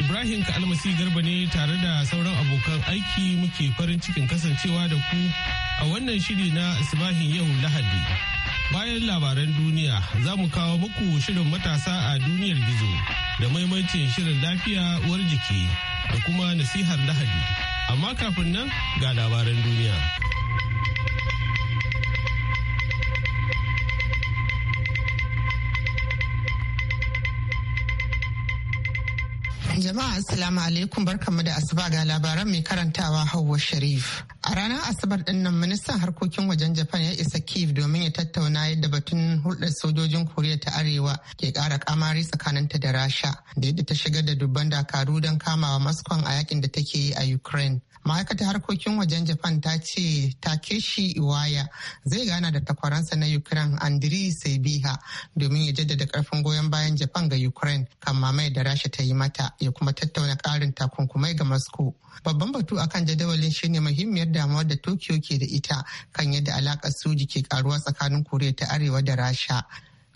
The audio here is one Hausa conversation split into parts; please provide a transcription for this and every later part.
Ibrahim Kalmasi Garba ne tare da sauran abokan aiki muke farin cikin kasancewa da ku a wannan shiri na Asibahin yau Lahadi. Bayan labaran duniya za mu kawo muku shirin matasa a duniyar gizo da maimaitin shirin lafiya uwar jiki da kuma nasihar Lahadi. Amma kafin nan ga labaran duniya. Jama'a Assalamu alaikum barkanmu da asuba ga labaran mai karantawa Hauwa Sharif. A ranar Asabar ɗin nan ministan harkokin wajen Japan ya isa Kiev domin ya tattauna yadda batun hulɗar sojojin Koriya ta Arewa ke ƙara kamari tsakaninta da Rasha da yadda ta shigar da dubban dakaru don kamawa Moscow a yakin da take yi a Ukraine. Ma'aikatar harkokin wajen Japan ta ce Takeshi Iwaya zai gana da takwaransa na Ukraine Andriy Sebiha domin ya jaddada karfin goyon bayan Japan ga Ukraine kan mamaye da Rasha ta yi mata ya kuma tattauna ƙarin takunkumai ga Moscow. Babban batu akan jadawalin shine muhimmiyar damuwar da Tokyo ke da ita kan yadda alakar soji ke karuwa tsakanin Koriya ta Arewa da Rasha.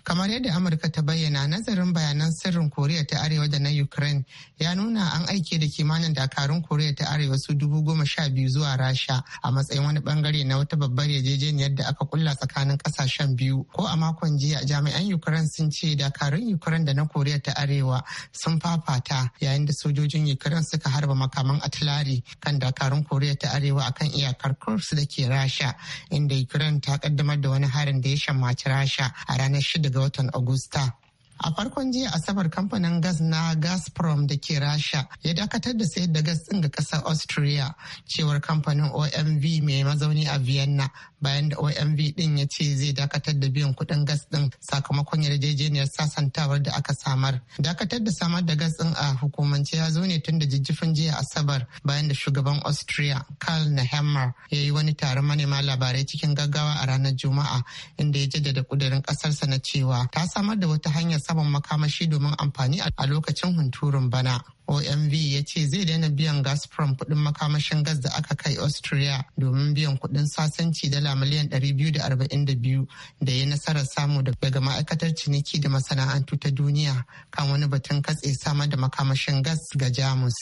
kamar yadda amurka ta bayyana nazarin bayanan sirrin koriya ta arewa da na ukraine ya nuna an aike da kimanin dakarun koriya ta arewa su dubu goma sha biyu zuwa rasha a matsayin wani bangare na wata babbar yarjejeniyar da aka kulla tsakanin kasashen biyu ko a makon jiya jami'an ukraine sun ce dakarun ukraine da na koriya ta arewa sun fafata yayin da sojojin ukraine suka harba makaman atilari kan dakarun koriya ta arewa akan iyakar kursu da ke rasha inda ukraine ta kaddamar da wani harin da ya shammaci rasha a ranar shida daga watan Agusta. a farkon jiya asabar kamfanin gas na gasprom da ke rasha ya dakatar da sayar da gas din ga kasar austria cewar kamfanin omv mai mazauni a vienna bayan da omv din ya ce zai dakatar da biyan kudin gas din sakamakon yarjejeniyar sasantawar da aka samar dakatar da samar da gas din a hukumance ya zo ne tun da jijjifin jiya asabar bayan da shugaban austria karl nehammer ya yi wani taron manema labarai cikin gaggawa a ranar juma'a inda ya jaddada kudirin kasarsa na cewa ta samar da wata hanyar saman makamashi domin amfani a lokacin hunturun bana. OMV ya ce zai daina biyan Gazprom kuɗin makamashin gas da aka kai Austria domin biyan kuɗin sasanci dala miliyan 242 da ya nasarar samu daga ma'aikatar ciniki da masana'antu ta duniya kan wani batun katse samar da makamashin gas ga Jamus.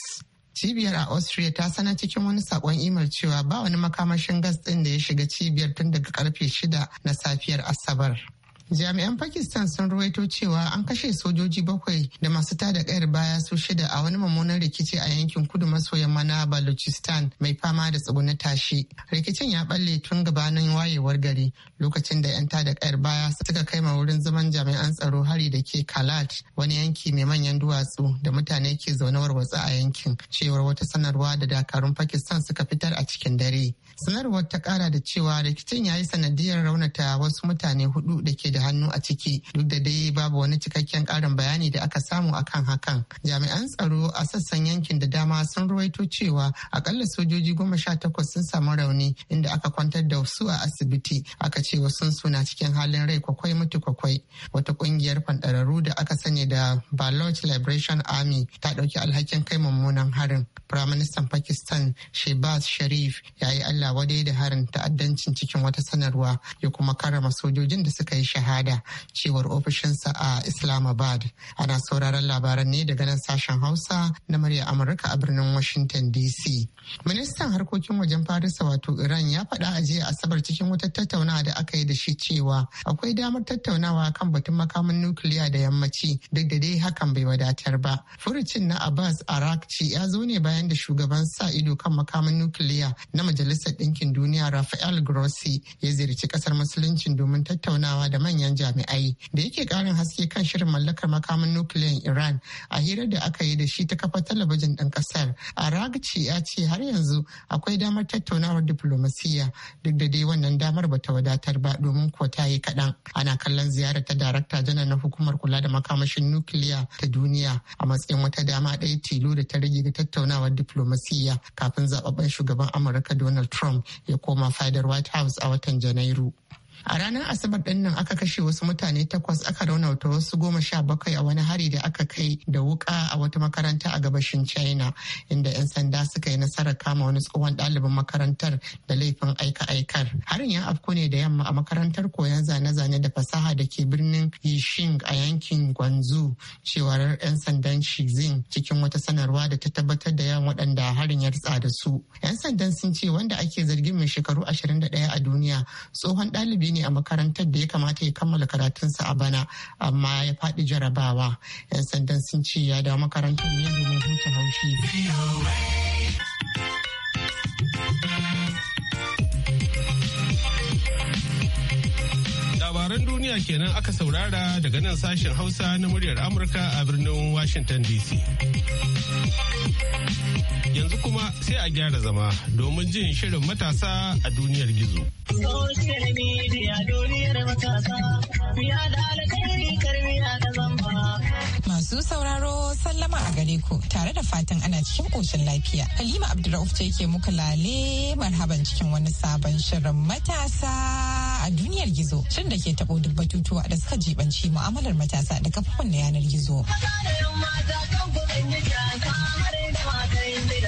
Cibiyar a Austria ta sanar cikin wani sakon imar cewa ba wani makamashin gas ɗin da ya shiga cibiyar tun daga karfe shida na safiyar Asabar. jami'an pakistan sun ruwaito cewa an kashe sojoji bakwai da masu tada kayar baya su shida a wani mummunan rikici a yankin kudu maso yamma na balochistan mai fama da tsuguna tashi rikicin ya balle tun gabanin wayewar gari lokacin da 'yan tada kayar baya suka kai ma wurin zaman jami'an tsaro hari da ke kalat wani yanki mai manyan duwatsu da mutane ke zaune warwatsa a yankin cewar wata sanarwa da dakarun pakistan suka fitar a cikin dare sanarwar ta kara da cewa rikicin ya yi sanadiyar raunata wasu mutane hudu da ke da hannu a ciki duk da dai babu wani cikakken ƙarin bayani da aka samu akan hakan jami'an tsaro a sassan yankin da dama sun ruwaito cewa akalla sojoji goma sha takwas sun samu rauni inda aka kwantar da su a asibiti aka ce wasu suna cikin halin rai kwakwai mutu kwakwai wata kungiyar fanɗararru da aka sanya da Baloch Liberation Army ta ɗauki alhakin kai mummunan harin Firaministan Pakistan shebas Sharif ya yi Allah wadai da harin ta'addancin cikin wata sanarwa ya kuma karama sojojin da suka yi shahara shahada cewar ofishinsa a Islamabad. Ana sauraron labaran ne daga nan sashen Hausa na murya Amurka a birnin Washington DC. Ministan harkokin wajen Farisa wato Iran ya faɗa a jiya Asabar cikin wata tattaunawa da aka yi da shi cewa akwai damar tattaunawa kan batun makamin nukiliya da yammaci duk da dai hakan bai wadatar ba. Furucin na Abbas Arakci ya zo ne bayan da shugaban sa ido kan makamin nukiliya na Majalisar Ɗinkin Duniya Rafael Grossi ya ziyarci ƙasar Musuluncin domin tattaunawa da manyan manyan jami'ai da yake karin haske kan shirin mallakar makamin nukiliyan Iran a hirar da aka yi da shi ta kafa talabijin ɗin ƙasar. ragaci ya ce har yanzu akwai damar tattaunawar diflomasiyya duk da dai wannan damar ba ta wadatar ba domin ko ta yi kaɗan. Ana kallon ziyarar ta darakta janar na hukumar kula da makamashin nukiliya ta duniya a matsayin wata dama ɗaya tilo da ta rage ga tattaunawar diflomasiyya kafin zababben shugaban Amurka Donald Trump ya koma fadar White House a watan Janairu. A ranar Asabar ɗin nan aka kashe wasu mutane takwas aka raunata wasu goma sha bakwai a wani hari da aka kai da wuka a wata makaranta a gabashin China inda 'yan sanda suka yi nasarar kama wani tsohon ɗalibin makarantar da laifin aika-aikar. Harin ya afko ne da yamma a makarantar koyon zane-zane da fasaha da ke birnin Yishing a yankin Gwanzu cewar 'yan sandan Shizin cikin wata sanarwa da ta tabbatar da yawan waɗanda harin ya ritsa da su. 'Yan sandan sun ce wanda ake zargin mai shekaru ashirin da 21 a duniya tsohon ɗalibi ne a makarantar da ya kamata ya kammala karatunsa a bana amma ya faɗi jarabawa 'yan sandan sun ce ya dawo makarantar ne domin hutun haushi. labaran duniya kenan aka saurara daga nan sashen hausa na muryar amurka a birnin washington dc Yanzu kuma sai a gyara zama domin jin shirin matasa a duniyar gizo. Masu sauraro sallama a gare ku tare da fatan ana cikin koshin lafiya. Halima Abdulrauf ce ke muka lale marhaban cikin wani sabon shirin matasa a duniyar gizo. Shirin da ke taɓo duk batutuwa da suka jibanci mu'amalar matasa da kafofin na yanar gizo. Maza da mata kan kuɗin da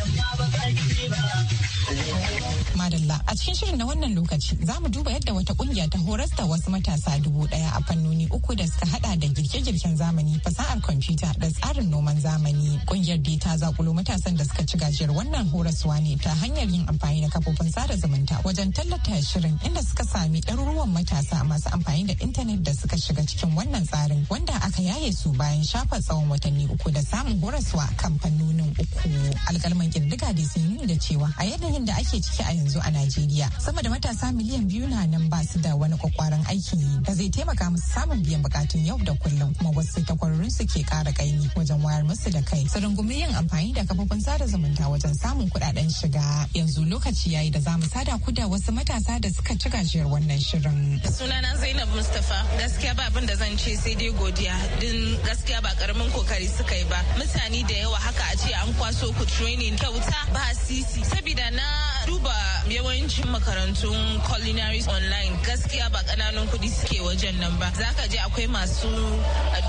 madalla a cikin shirin na wannan lokaci za mu duba yadda wata kungiya ta horas da wasu matasa dubu daya a fannoni uku da suka hada da girke-girken zamani fasahar kwamfuta da tsarin noman zamani kungiyar da ta zakulo matasan da suka ci gajiyar wannan horaswa ne ta hanyar yin amfani da kafofin sada zumunta wajen tallata shirin inda suka sami ɗaruruwan matasa masu amfani da intanet da suka shiga cikin wannan tsarin wanda aka yaye su bayan shafa tsawon watanni uku da samun horaswa kan fannonin uku alkalman kirdiga da sun yi da cewa a yanayin da ake ciki a yanzu yanzu a Najeriya. Sama da matasa miliyan biyu na nan ba su da wani kwakwaran aikin yi da zai taimaka musu samun biyan bukatun yau da kullum kuma wasu takwarorin su ke kara kaini wajen wayar musu da kai. Su rungumi yin amfani da kafofin sada zumunta wajen samun kuɗaɗen shiga. Yanzu lokaci yayi da zamu sada ku da wasu matasa da suka ci gajiyar wannan shirin. Sunana Zainab Mustapha gaskiya ba abin da zan ce sai dai godiya din gaskiya ba karamin kokari suka yi ba. Mutane da yawa haka a ce an kwaso ku training kyauta ba sisi saboda na duba yawancin makarantun culinary online gaskiya ba kananan kuɗi suke wajen nan ba za ka je akwai masu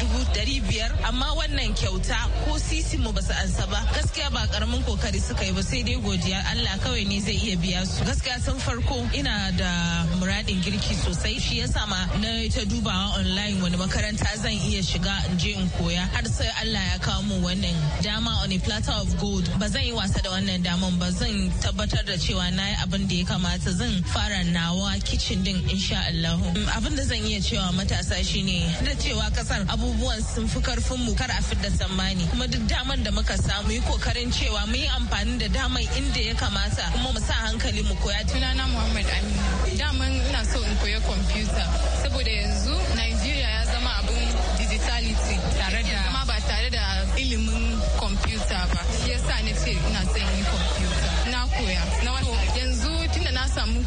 dubu dari biyar amma wannan kyauta ko sisi mu basu ansa ba gaskiya ba karamin kokari suka yi ba sai dai godiya Allah kawai ne zai iya biya su gaskiya sun farko ina da muradin girki sosai shi yasa ma na ta dubawa online wani makaranta zan iya shiga in je in koya har sai Allah ya kawo mu wannan dama on a platter of gold ba zan yi wasa da wannan daman ba zan tabbatar da cewa na yi abin da ya kamata zan fara nawa kicin din insha Allah. Mm, abin da zan iya cewa matasa shine da cewa kasar abubuwan sun fi karfin mu kar a fidda tsammani kuma duk damar da muka samu yi kokarin cewa mu yi amfani da damar inda ya kamata kuma mu sa hankali mu koya. Tunana Muhammad Aminu. Daman ina so in koya kwamfuta saboda yanzu na yi.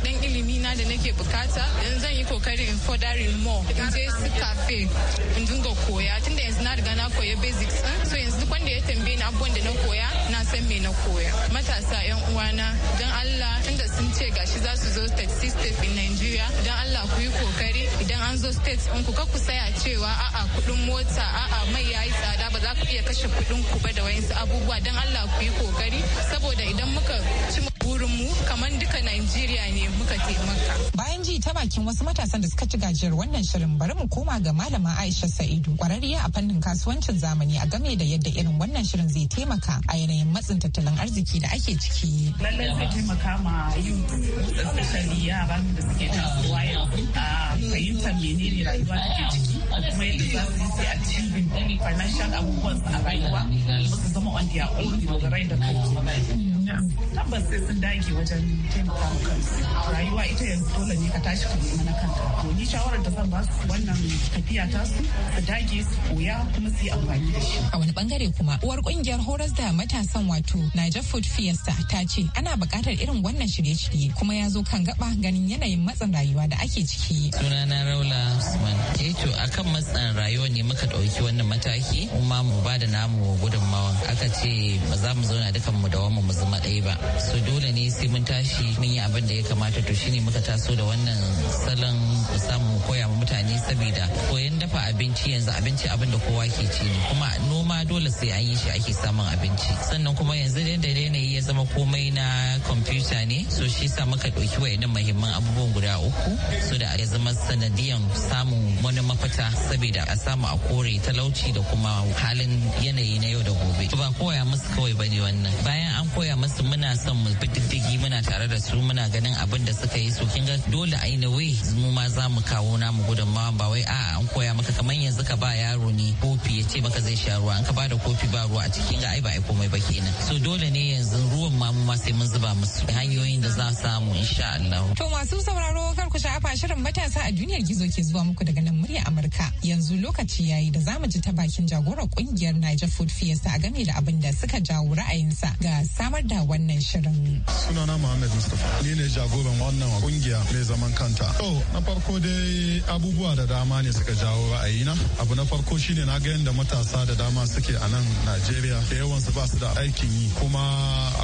dan ilimi na da nake bukata yanzu zan yi kokarin in more in je su cafe in dinga koya tunda yanzu na riga na koya basics din so yanzu duk wanda ya tambaye ni abubuwan da na koya na san me na koya matasa yan uwana dan Allah tunda sun ce gashi za su zo state state in Nigeria dan Allah ku yi kokari idan an zo state in ku ku saya cewa a'a kudin mota a'a mai yayi tsada ba za ku iya kashe kudin ku ba da wayansu abubuwa dan Allah ku yi kokari saboda idan muka ci mu kamar duka Najeriya ne muka taimaka. Bayan ji ta bakin wasu matasan da suka ci gajiyar wannan shirin bari mu koma ga malama Aisha Sa'idu kwararriya a fannin kasuwancin zamani a game da yadda irin wannan shirin zai taimaka a yanayin matsin tattalin arziki da ake ciki. Lallai zai taimaka ma yin tsakani yara da suke tasowa yanzu a fahimtar menene rayuwa take ciki kuma yadda za su yi a cikin financial abubuwan a rayuwa su zama on their own da rai da kai. tabbas sai sun dage wajen taimaka wa kansu rayuwa ita yanzu dole ne ka tashi ka nema na kanka to ni shawarar da zan ba su wannan tafiya ta su su dage su koya kuma su yi amfani da shi a wani bangare kuma uwar kungiyar horas da matasan wato Niger Food Fiesta ta ce ana buƙatar irin wannan shirye-shirye kuma ya zo kan gaba ganin yanayin matsin rayuwa da ake ciki sunana Raula Usman eh to akan matsan rayuwa ne muka ɗauki wannan mataki kuma mu ba da namu gudunmawa aka ce ba za mu zauna dukan mu da mu zama ɗaya ba so dole ne sai mun tashi mun yi abin da ya kamata to shine muka taso da wannan salon ku samu koya wa mutane saboda koyan dafa abinci yanzu abinci abin da kowa ke ci ne kuma noma dole sai an yi shi ake samun abinci sannan kuma yanzu da yanayi ya zama komai na kwamfuta ne so shi sa muka ɗauki wa wayannan muhimman abubuwan guda uku so da ya zama sanadiyan samun wani mafita saboda a samu a kore talauci da kuma halin yanayi na yau da gobe ba koya musu kawai bane wannan bayan an koya musu musu muna son mu diddigi muna tare da su muna ganin abin da suka yi so kin ga dole aina wai mu ma za mu kawo namu ma ba wai a an koya maka kamar yanzu ka ba yaro ne kofi ya ce maka zai sha ruwa an ka ba da kofi ba ruwa a cikin ga ai ba ai komai ba kenan so dole ne yanzu ruwan ma mu ma sai mun zuba musu hanyoyin da za su samu insha Allah to masu sauraro kar ku sha'afa shirin matasa a duniyar gizo ke zuwa muku daga nan murya Amurka yanzu lokaci yayi da zamu ji ta bakin jagorar kungiyar Niger Food Fiesta a game da abin da suka jawo ra'ayinsa ga samar da sa wannan shirin. Sunana Muhammad Mustapha ni ne jagoran wannan kungiya mai zaman kanta. To na farko dai abubuwa da dama ne suka jawo ra'ayina. Abu na farko shine na ga yadda matasa da dama suke a nan Najeriya da yawan ba su da aikin yi kuma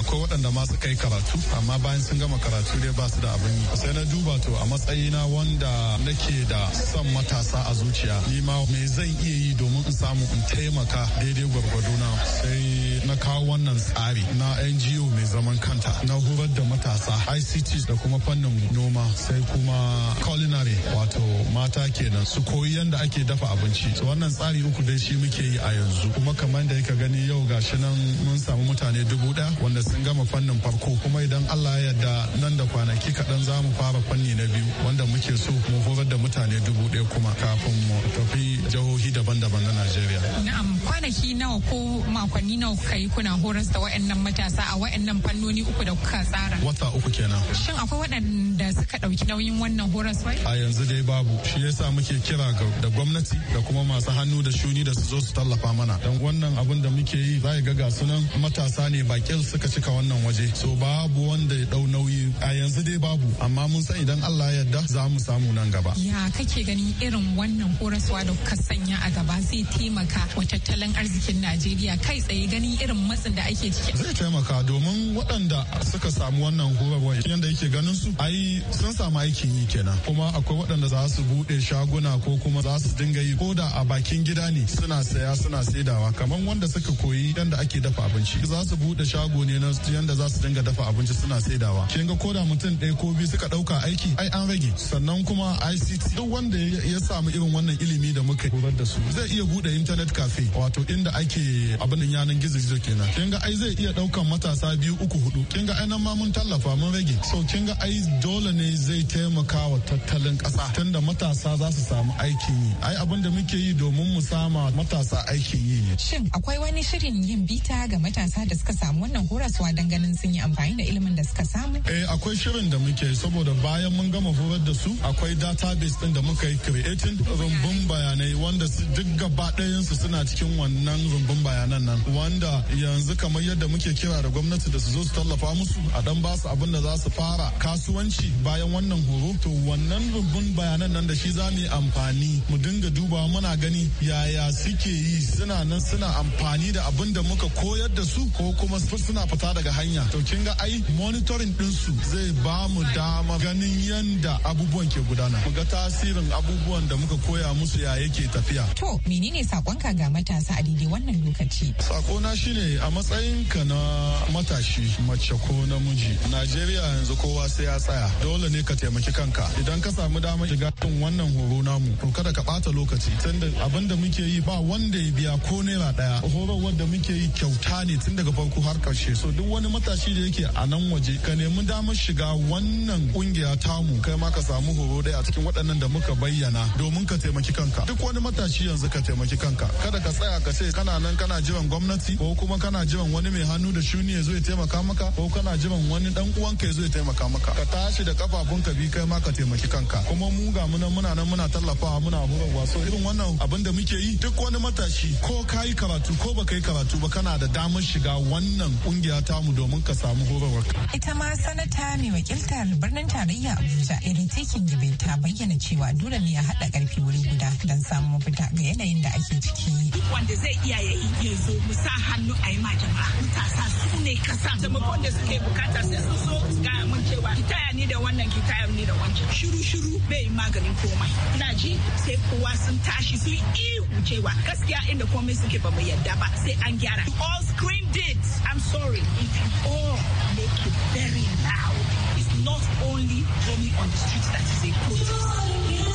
akwai waɗanda ma suka yi karatu amma bayan sun gama karatu dai ba su da abin yi. Sai na duba to a matsayina wanda nake da son matasa a zuciya ni ma me zan iya yi domin in samu in taimaka daidai gwargwado na sai na kawo wannan tsari na NGO mai zaman kanta na horar da matasa ICT da kuma fannin noma sai kuma culinary wato mata kenan su koyi yadda ake dafa abinci. su wannan tsari uku dai shi muke yi a yanzu kuma kamar da ka gani yau gashi nan mun samu mutane dubu ɗaya wanda sun gama fannin farko kuma idan Allah ya yarda nan da kwanaki kaɗan za mu fara fanni na biyu wanda muke so mu horar da mutane dubu ɗaya kuma kafin mu tafi jihohi daban-daban na Najeriya. Na'am kwanaki nawa ko makonni nawa kuka yi kuna horas da wa'annan matasa a waɗannan fannoni uku da kuka tsara wata uku kenan shin akwai waɗanda suka ɗauki nauyin wannan horaswai a yanzu dai babu shi yasa muke kira ga da gwamnati da kuma masu hannu da shuni da su zo su tallafa mana don wannan abin da muke yi za ga ga sunan matasa ne bakin suka cika wannan waje so babu wanda ya dau nauyi a yanzu dai babu amma mun san idan Allah ya yarda za mu samu nan gaba ya kake gani irin wannan horaswa da kuka sanya a gaba zai taimaka wa tattalin arzikin Najeriya kai tsaye gani irin matsin da ake ciki zai taimaka domin domin waɗanda suka samu wannan horarwa yadda yake ganin su ai sun samu aikin yi kenan kuma akwai waɗanda za su buɗe shaguna ko kuma za su dinga yi ko da a bakin gida ne suna saya suna saidawa kamar wanda suka koyi yadda ake dafa abinci za su buɗe shago ne na yadda za su dinga dafa abinci suna saidawa kin ga koda mutum ɗaya ko biyu suka ɗauka aiki ai an rage sannan kuma ICT duk wanda ya samu irin wannan ilimi da muka horar da su zai iya buɗe internet cafe wato inda ake abin yanan gizo-gizo kenan kin ga ai zai iya ɗaukan matasa biyu uku hudu kin ga ainihin ma mun tallafa mun rage so kin ga ai dole ne zai taimaka wa tattalin kasa tunda matasa za su samu aikin yi ai abin da muke yi domin mu sama matasa aikin yi ne shin akwai wani shirin yin bita ga matasa da suka samu wannan horaswa don ganin sun yi amfani da ilimin da suka samu eh akwai shirin da muke saboda bayan mun gama horar da su akwai database din da muka yi creating rumbun bayanai wanda duk gaba ɗayansu suna cikin wannan rumbun bayanan nan wanda yanzu kamar yadda muke kira da gwamnati gwamnati da su zo su tallafa musu a dan ba su abin da za su fara kasuwanci bayan wannan horo to wannan rubun bayanan nan da shi za mu amfani mu dinga duba muna gani yaya suke yi suna nan suna amfani da abin da muka koyar da su ko kuma suna fita daga hanya to kin ga ai monitoring din su zai ba mu dama ganin yanda abubuwan ke gudana mu ga tasirin abubuwan da muka koya musu ya yake tafiya to menene sakonka ga matasa a daidai wannan lokaci sakona shine a matsayin ka na matashi mace ko namiji najeriya yanzu kowa sai ya tsaya dole ne ka taimaki kanka idan ka samu damar shiga cikin wannan horo namu to kada ka bata lokaci tunda abin da muke yi ba wanda ya biya ko naira daya horo wanda muke yi kyauta ne tun daga farko har karshe so duk wani matashi da yake a nan waje ka nemi damar shiga wannan kungiya tamu kai ma ka samu horo daya a cikin waɗannan da muka bayyana domin ka taimaki kanka duk wani matashi yanzu ka taimaki kanka kada ka tsaya ka ce kana nan kana jiran gwamnati ko kuma kana jiran wani mai hannu da shuni ya zo zai taimaka maka ko kana jiran wani dan uwanka ya zai taimaka maka ka tashi da kafafunka bi kai ma ka taimaki kanka kuma mu ga muna muna nan muna tallafawa muna horarwa wasu irin wannan abin da muke yi duk wani matashi ko kayi karatu ko baka yi karatu ba kana da damar shiga wannan kungiya tamu domin ka samu ka ita ma sanata mai wakilta birnin tarayya Abuja irin tekin gibe ta bayyana cewa dole ne ya hada karfi wuri guda dan samu mafita ga yanayin da ake ciki duk wanda zai iya ya zo mu sa hannu a yi ma jama'a matasa su ne kasa taimakon da suke bukata sai su so su mun cewa kitaya ni da wannan kitaya ni da wancan shiru shiru bai maganin komai ina ji sai kowa sun tashi sun ihu cewa gaskiya inda komai suke ba mu yadda ba sai an gyara you all screamed it i'm sorry if you all make it very loud it's not only drumming on the streets that is a protest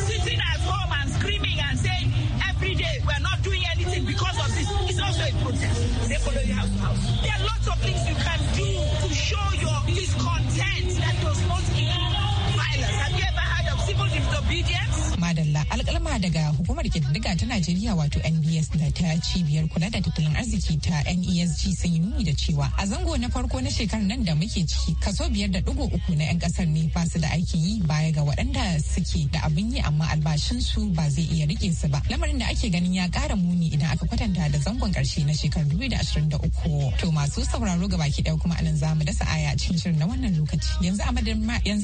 because of this. It's also a protest. They follow you house to house. There are lots of things you can do to show your discontent that does not include violence. Have you ever heard of civil disobedience? madalla alkalma daga hukumar kididdiga ta najeriya wato nbs da ta cibiyar kula da tattalin arziki ta nesg sun yi nuni da cewa a zango na farko na shekarar nan da muke ciki kaso biyar da digo uku na 'yan kasar ne ba su da aikin yi baya ga waɗanda suke da abin yi amma albashin su ba zai iya rike su ba lamarin da ake ganin ya ƙara muni idan aka kwatanta da zangon karshe na shekarar 2023 to masu sauraro ga baki ɗaya kuma anan zamu dasa aya cikin shirin na wannan lokaci yanzu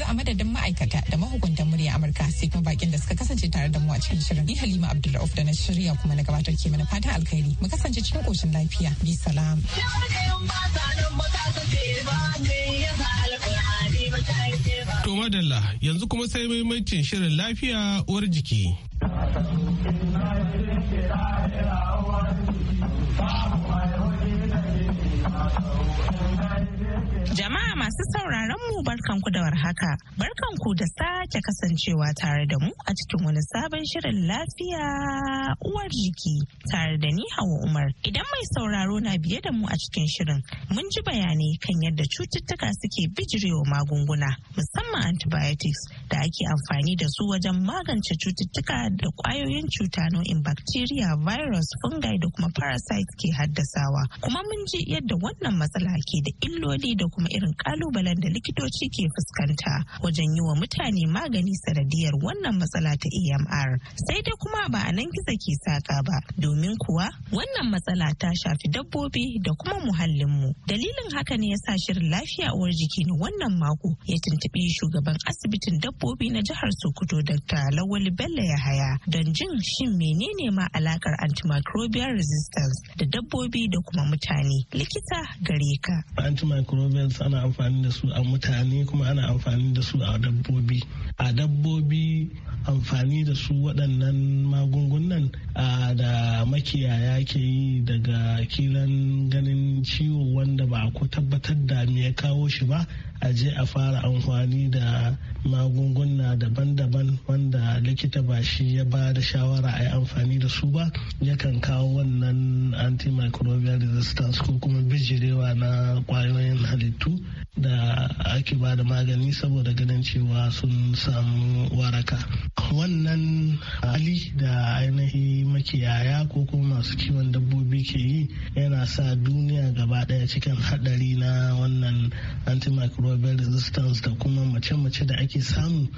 a madadin ma'aikata da mahukuntan murya amurka sai kuma bakin da suka kasance kasance tare da mu a cikin shirin. Ni Halima abdullahi da na shirya kuma na gabatar ke mana fatan alkhairi. Mu kasance cikin koshin lafiya. Bi salam. To madalla yanzu kuma sai maimaitin shirin lafiya uwar jiki. Jama'a masu sauraron mu barkanku da warhaka. Barkanku da sake kasancewa tare da mu a cikin wani sabon shirin lafiya uwar jiki tare da ni Hawa Umar. Idan mai sauraro na biye da mu a cikin shirin, mun ji bayanai kan yadda cututtuka suke bijirewa magunguna, musamman antibiotics da ake amfani da su wajen magance cututtuka da ƙwayoyin cuta nau'in bacteria, virus, fungi da kuma parasites ke haddasawa. Kuma mun ji yadda wannan matsala ke da illoli da kuma kuma irin kalubalen da likitoci ke fuskanta wajen yi wa mutane magani sanadiyar wannan matsala ta AMR Sai dai kuma ba a nan gizo ke saka ba domin kuwa wannan matsala ta shafi dabbobi da kuma muhallinmu. Dalilin haka ne ya sa shirin lafiya uwar jiki na wannan mako ya tuntuɓi shugaban asibitin dabbobi na jihar Sokoto Dr. lawali Bello Yahaya don jin shin menene ma alakar antimicrobial resistance da dabbobi da kuma mutane. Likita gare ka. Antimicrobial ana amfani da su a mutane kuma ana amfani da su a dabbobi a dabbobi amfani da su waɗannan magungunan da makiyaya ke yi daga kilan ganin ciwo wanda ba ku tabbatar da me ya kawo shi ba a je a fara amfani da magunguna daban-daban wanda likita ba shi ya ba da shawara a yi amfani da su ba yakan kawo wannan antimicrobial resistance ko kuma bijirewa na kwayoyin halittu da ake ba da magani saboda ganin cewa sun samu waraka wannan hali da ainihi makiyaya ko kuma masu kiwon dabbobi ke yi yana sa duniya gaba daya cikin hadari na wannan antimicrobial resistance da kuma mace-mace da ake samu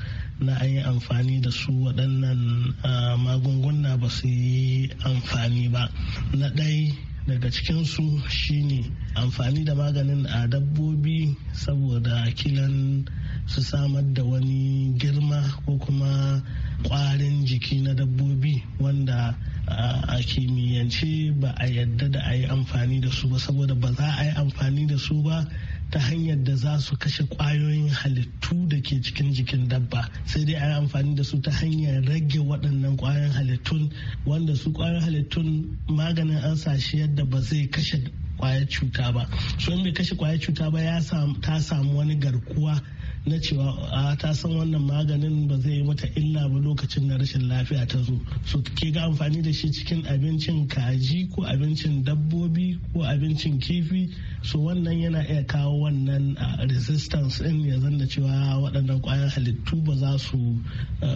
na an yi amfani da su waɗannan ah, magunguna ba su yi amfani ba na ɗai daga cikinsu shine amfani da maganin a dabbobi saboda kilan su samar da wani girma ko kuma kwarin jiki na dabbobi wanda a kimiyyance ba a yadda da a yi amfani da su ba saboda ba za a yi amfani da su ba ta hanyar da za su kashe kwayoyin halittu da ke cikin jikin dabba sai dai a yi amfani da su ta hanyar rage waɗannan kwayoyin halittun wanda su kwayoyin halittun maganin an sashi yadda ba zai kashe kwayar cuta ba su bai kashe kwayar cuta ba ta samu wani garkuwa na cewa a ta san wannan maganin ba zai yi mata illa ba lokacin da rashin lafiya ta zo so ke ga amfani da shi cikin abincin kaji ko abincin dabbobi ko abincin kifi so wannan yana iya kawo wannan resistance in ya zanna cewa waɗannan ƙwayar halittu ba za su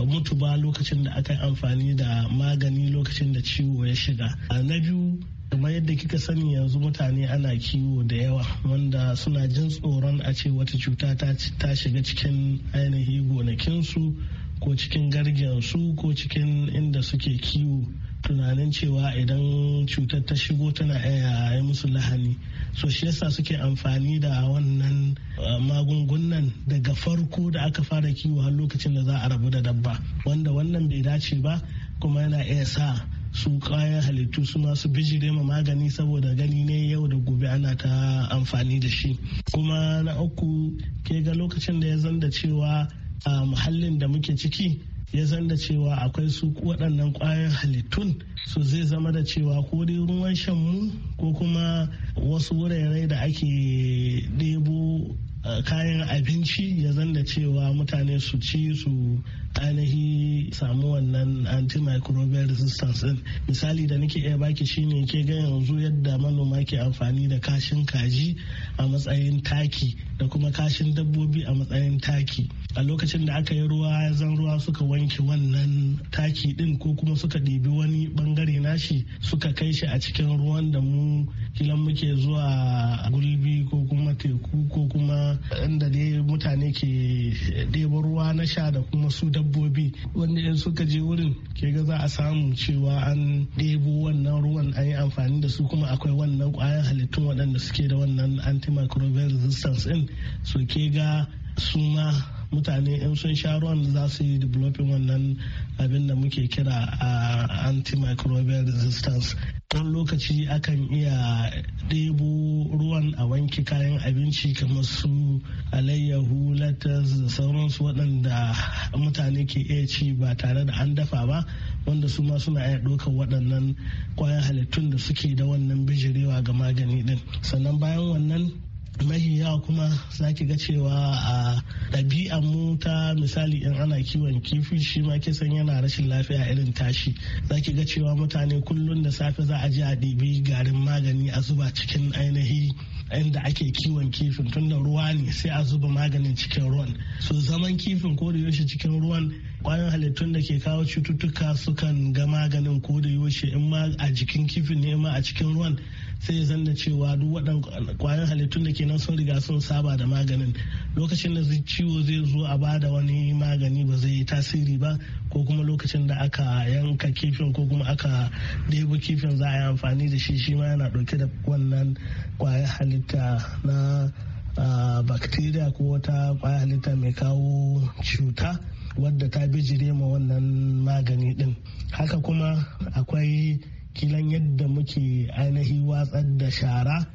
mutu ba lokacin da aka yi amfani da magani lokacin da ciwo ya shiga na biyu kamar yadda kika sani yanzu mutane ana kiwo da yawa wanda suna jin tsoron a ce wata cuta ta shiga cikin ainihi gonakinsu ko cikin su ko cikin inda suke kiwo tunanin cewa idan cutar ta shigo tana iya yi musu lahani so shi yasa suke amfani da wannan eh, magungunan daga farko da aka fara kiwo har lokacin da za a rabu da dabba wanda wannan bai dace ba kuma yana iya sa su kayan halittu su masu bijire ma magani saboda gani ne yau da gobe ana ta amfani da shi kuma na uku ke ga lokacin da ya zanda cewa a muhallin da muke ciki ya zanda cewa akwai su waɗannan kwayan halittun su zai zama da cewa ko dai ruwan mu ko kuma wasu wurare da ake ɗebo Eh, kayan abinci ya zanda cewa mutane su ci su ainihi samu wannan antimicrobial resistance din misali da nake iya baki shine ke ga yanzu yadda manoma ke amfani da kashin kaji a matsayin taki da kuma kashin dabbobi a matsayin taki a lokacin da aka yi ruwa zan ruwa suka wanke wannan taki din ko kuma suka ɗibi wani bangare nashi suka kai shi a cikin ruwan da mu kilan muke zuwa gulbi ko kuma teku ko kuma kuma inda dai mutane ke ɗebo ruwa na sha da kuma su dabbobi wanda in suka je wurin ke ga za a samu cewa an ɗebo wannan ruwan an yi amfani da su kuma akwai wannan ƙwayar halittun waɗanda suke da wannan antimicrobial resistance in su ke ga su mutane in sun sha ruwan za su yi developing wannan abin da muke kira a uh, antimicrobial resistance wani lokaci akan iya ɗebo ruwan a wanke kayan abinci kamar su alayyahu lettuce da sauransu waɗanda mutane ke iya ci ba tare da an dafa ba wanda su ma suna iya ɗaukar waɗannan kwayan halittun da suke da wannan bijirewa ga magani ɗin sannan bayan wannan mahi yawa kuma za ki ga cewa a ɗabi'an mu ta misali in ana kiwon kifi shi ma kisan yana rashin lafiya irin tashi za ki ga cewa mutane kullum da safe za a je a ɗibi garin magani a zuba cikin ainihi inda ake kiwon kifin tunda ruwa ne sai a zuba maganin cikin ruwan so zaman kifin ko da yaushe cikin ruwan kwayoyin halittun da ke kawo cututtuka sukan ga maganin ko da yaushe in ma a jikin kifin ne ma a cikin ruwan sai ya zanna cewa duk waɗan kwayan halittun da ke nan sun riga sun saba da maganin lokacin da ciwo zai zo a bada wani magani ba zai yi tasiri ba ko kuma lokacin da aka yanka kifin ko kuma aka ɗebo kifin za a yi amfani da shi shi ma yana ɗauke da wannan kwayan halitta na bacteria ko wata kwayan halitta mai kawo cuta wadda ta bijire ma wannan magani din haka kuma akwai kilan yadda muke ainihi watsar da shara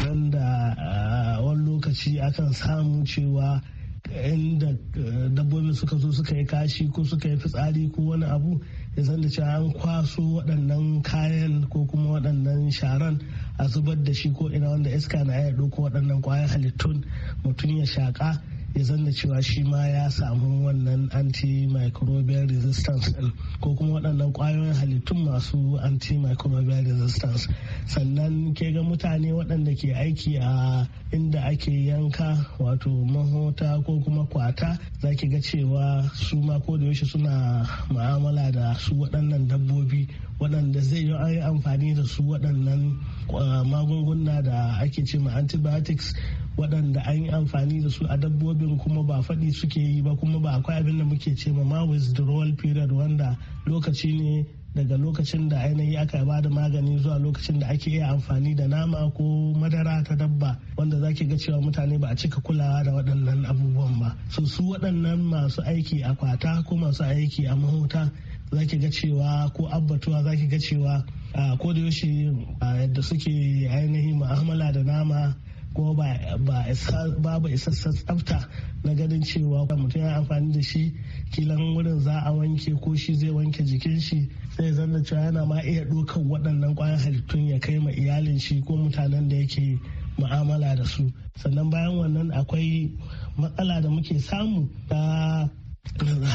wanda ah, wani lokaci akan samu cewa inda eh, dabbobi suka zo suka yi kashi ko suka yi fitsari ko wani abu ya zan da cewa an kwaso waɗannan kayan ko kuma waɗannan sharan a zubar da shi ko ina wanda iska na iya ɗauko waɗannan kwayan halittun mutum ya shaƙa ya zanna cewa shi ma ya samu wannan antimicrobial resistance din ko kuma waɗannan ƙwayoyin halittun masu antimicrobial resistance sannan ke ga mutane waɗanda ke aiki a inda ake yanka wato mahota ko kuma kwata za ga cewa su ma ko da yaushe suna ma'amala da su waɗannan dabbobi waɗanda zai yi amfani da su waɗannan magunguna da ake ce antibiotics waɗanda an yi amfani da su a dabbobin kuma ba faɗi suke yi ba kuma ba akwai abin da muke ce ma withdrawal period wanda lokaci ne daga lokacin da ainihi aka ba da magani zuwa lokacin da ake iya amfani da nama ko madara ta dabba wanda zaki ga cewa mutane ba a cika kulawa da waɗannan abubuwan ba su su waɗannan masu aiki a kwata ko masu aiki a mahota za ki ga cewa ko abbatuwa za ki ga cewa ko da yaushe yadda suke ainihin ma'amala da nama ko babu isassan tsafta na ganin cewa mutum ya amfani da shi kilan wurin za a wanke ko shi zai wanke jikin shi sai zanna cewa yana ma iya ɗaukar waɗannan ƙwayar halittun ya kai ma iyalin shi ko mutanen da yake mu'amala da su sannan bayan wannan akwai matsala da muke samu ta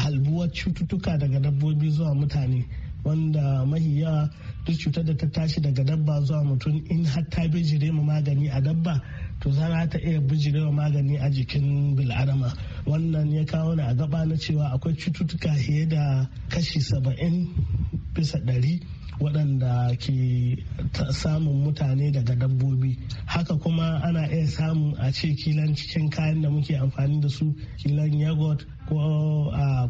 halbuwar cututtuka daga dabbobi zuwa mutane wanda mahi yawa duk cutar da ta tashi daga dabba zuwa mutum in har ta bijire ma magani a dabba to za ta iya bijire ma magani a jikin bil'adama wannan ya kawo ni a gaba na cewa akwai cututtuka fiye da kashi saba'in bisa ɗari waɗanda ke samun mutane daga dabbobi haka kuma ana iya samun a ce kilan cikin kayan da muke amfani da su kilan yogurt ko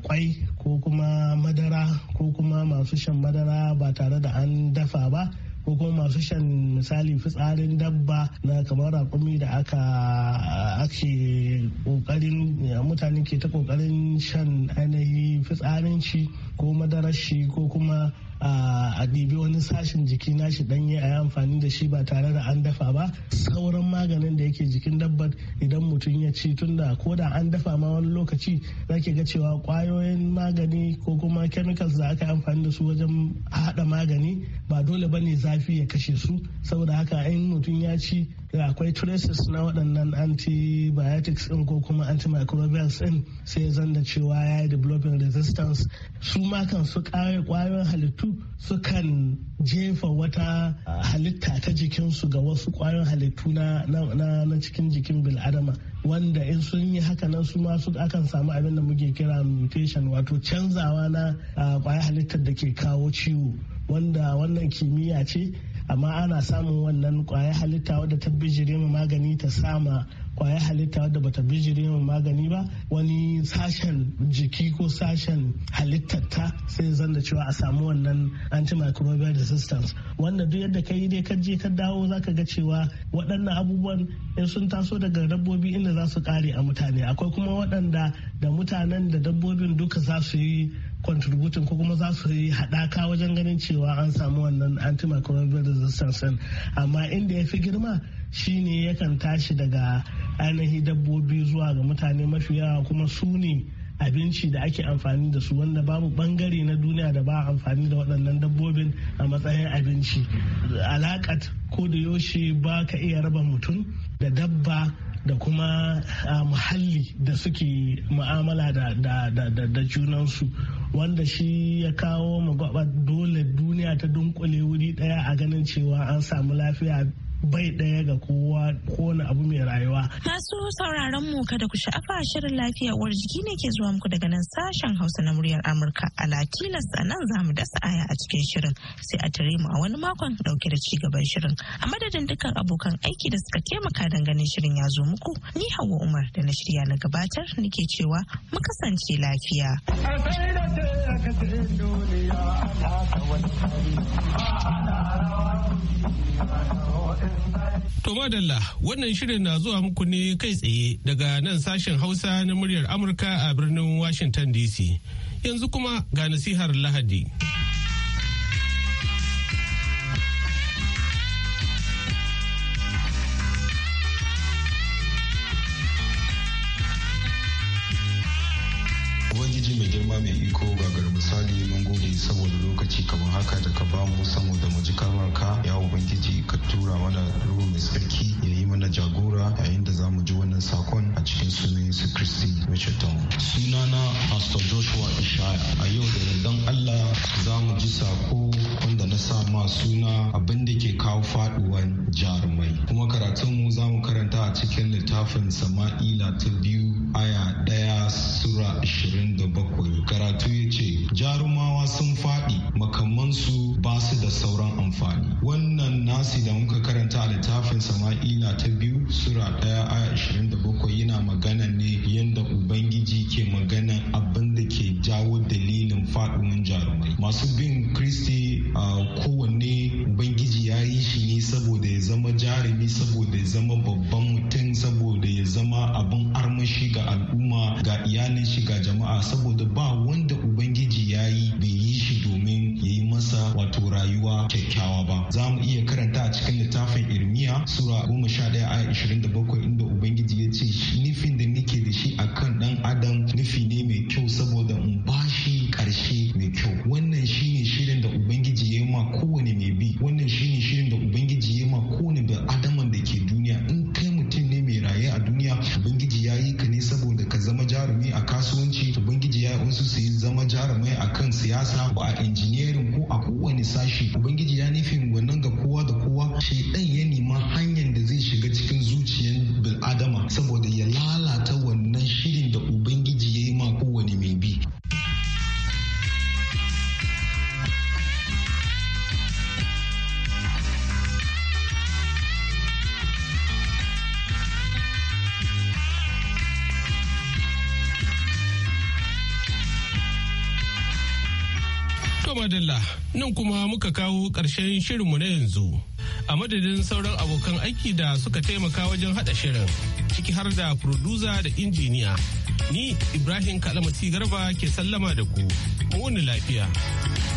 kwai ko kuma madara ko kuma masu shan madara ba tare da an dafa ba ko kuma masu shan misali fitsarin dabba na kamar rakumi da aka ake kokarin mutane ke ta kokarin shan ainihi fitsarin shi ko madarar shi ko kuma a ɗibi wani sashin jiki nashi ɗanye a yi amfani da shi ba tare da an dafa ba sauran maganin da yake jikin dabbar idan mutum ya ci tunda ko da an dafa ma wani lokaci zaki ga cewa kwayoyin magani ko kuma chemicals da aka yi amfani da su wajen haɗa magani ba dole ba ne zafi ya kashe su saboda haka in mutum ya ci Da eh, akwai traces na waɗannan antibiotics ɗin ko kuma antimicrobials ɗin sai zan da cewa ya yi developing resistance su ma kan su ƙare ƙwayoyin halittu sukan jefa wata ah. halitta ta jikinsu ga wasu ƙwayoyin halittu na cikin jikin bil'adama wanda in sun yi haka nan su ma su akan samu abin da muke kira mutation wato canzawa na ah, ƙwayar halittar da ke kawo ciwo wanda wannan kimiyya ce amma ana samun wannan kwayar halitta wadda ta bijire ma magani ta sama kwayar halitta wadda bata bijire ma magani ba wani sashen jiki ko sashen halittar ta sai zan da cewa a samu wannan antimicrobial resistance wanda duk yadda ka yi dai ka je ka dawo zaka ga cewa waɗannan abubuwan in sun taso daga dabbobi inda za su kare a mutane akwai kuma waɗanda da mutanen da dabbobin duka za su yi contributing ko kuma za su yi haɗaka wajen ganin cewa an samu wannan antimicrobial resistance amma inda ya fi girma shi ne yakan tashi daga ainihin dabbobi zuwa ga mutane mafi yawa kuma su ne abinci da ake amfani da su wanda babu bangare na duniya da ba amfani da waɗannan dabbobin a matsayin abinci alaƙat ko da yaushe ba ka iya raba mutum da dabba da kuma ah, muhalli da suke mu'amala da junansu wanda shi ya kawo magwaba dole duniya ta dunkule wuri daya a ganin cewa an samu lafiya bai ɗaya ga kowa ko wani abu mai rayuwa. Masu sauraron mu kada ku sha'afa shirin lafiya uwar jiki ne ke zuwa muku daga nan sashen Hausa na muryar Amurka a latinas a nan za mu dasa aya a cikin shirin sai a tare mu a wani makon dauke da cigaban shirin. A madadin dukkan abokan aiki da suka taimaka don ganin shirin ya zo muku ni Hauwa Umar da na shirya na gabatar nake cewa mu kasance lafiya. A sai da ce a duniya a To madalla wannan shirin na zuwa muku ne kai tsaye daga nan sashen Hausa na muryar Amurka a birnin Washington DC. Yanzu kuma ga nasihar Lahadi. da sauran amfani wannan nasi da muka karanta a littafin sama'ila ta biyu sura ɗaya a ashirin da bakwai yana magana ne yadda ubangiji ke magana abin da ke jawo dalilin faɗuwar jarumai masu bin kristi a kowanne ubangiji ya yi shi ne saboda ya zama jarumi saboda ya zama babban mutum saboda ya zama abin armashi ga al'umma ga iyalin shi ga jama'a saboda ba wanda ubangiji ya yi masa wato rayuwa kyakkyawa ba za mu iya karanta a cikin littafin irmiya sura goma sha ɗaya aya ishirin da bakwai inda ubangiji ya ce nufin da nake da shi akan dan adam nufi ne mai kyau saboda in bashi ƙarshe mai kyau wannan shine shirin da ubangiji ya yi ma kowane mai bi wannan shine shirin da ubangiji ya yi ma kowane da adaman da ke duniya in kai mutum ne mai raye a duniya ubangiji ya yi ka ne saboda ka zama jarumi a kasuwanci ubangiji ya yi wasu su yi zama jarumai akan siyasa ba a injiniyarin ko a kowane sashi ubangiji ya nufin wannan ga kowa da kowa shaidan ya nema hanyar da zai shiga cikin zuciyar bil'adama saboda ya lalata wannan shirin da Nan kuma muka kawo ƙarshen shirinmu na yanzu. A madadin sauran abokan aiki da suka taimaka wajen haɗa shirin, ciki har da furduza da injiniya. Ni Ibrahim Kalamati Garba ke sallama da ku, lafiya.